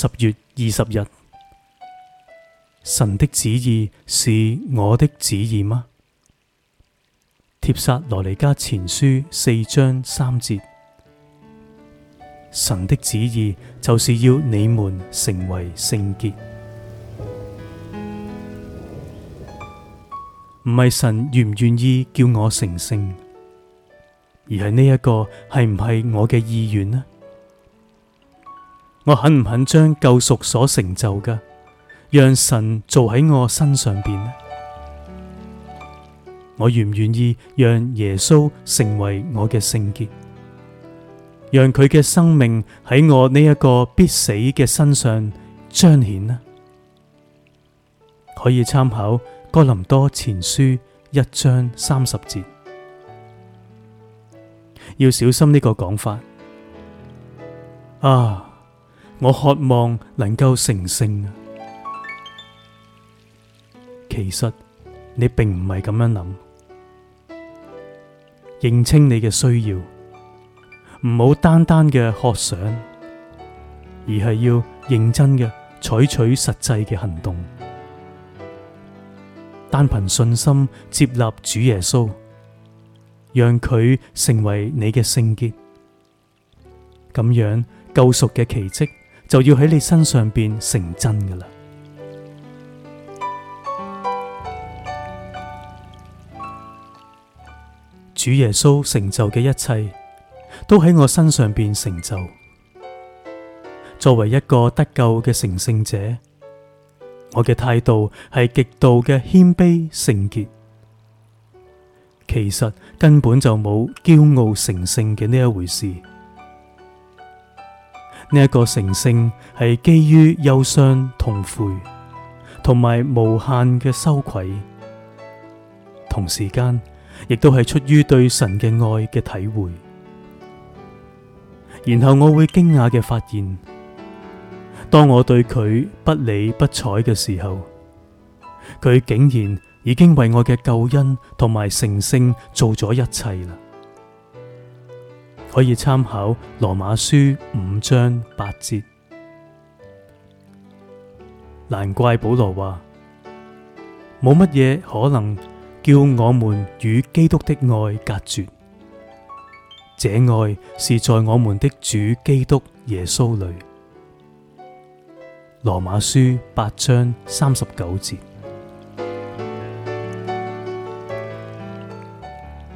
十月二十日，神的旨意是我的旨意嗎？帖撒羅尼加前書四章三節，神的旨意就是要你們成為聖潔。唔係神願唔願意叫我成聖，而係呢一個係唔係我嘅意願呢？我肯唔肯將救贖所成就嘅，讓神做喺我身上邊呢？我願唔願意讓耶穌成為我嘅聖潔，讓佢嘅生命喺我呢一個必死嘅身上彰顯呢？可以參考哥林多前書一章三十節。要小心呢個講法啊！我渴望能夠成聖啊！其實你並唔係咁樣諗，認清你嘅需要，唔好單單嘅渴想，而係要認真嘅採取實際嘅行動。單憑信心接納主耶穌，讓佢成為你嘅聖潔，咁樣救贖嘅奇蹟。就要喺你身上邊成真噶啦！主耶穌成就嘅一切，都喺我身上邊成就。作為一個得救嘅成聖者，我嘅態度係極度嘅謙卑聖潔。其實根本就冇驕傲成聖嘅呢一回事。呢一個成聖係基於憂傷同、痛悔，同埋無限嘅羞愧，同時間亦都係出於對神嘅愛嘅體會。然後我會驚訝嘅發現，當我對佢不理不睬嘅時候，佢竟然已經為我嘅救恩同埋成聖做咗一切啦。可以參考羅馬書五章八節，難怪保羅話，冇乜嘢可能叫我們與基督的愛隔絕，這愛是在我們的主基督耶穌裏。羅馬書八章三十九節。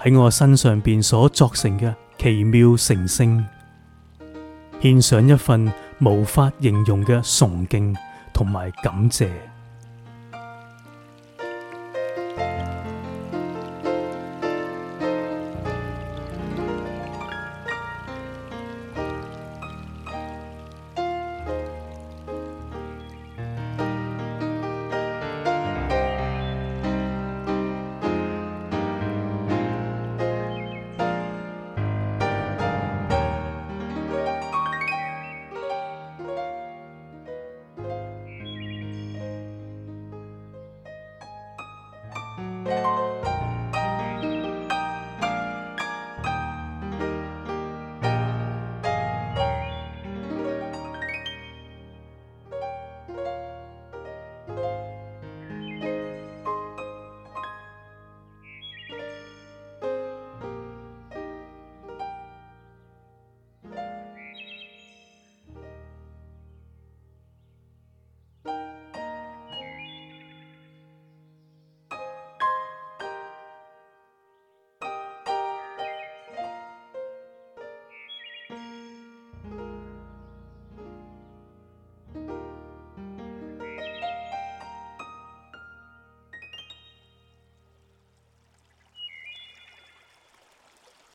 喺我身上邊所作成嘅奇妙成聖，獻上一份無法形容嘅崇敬同埋感謝。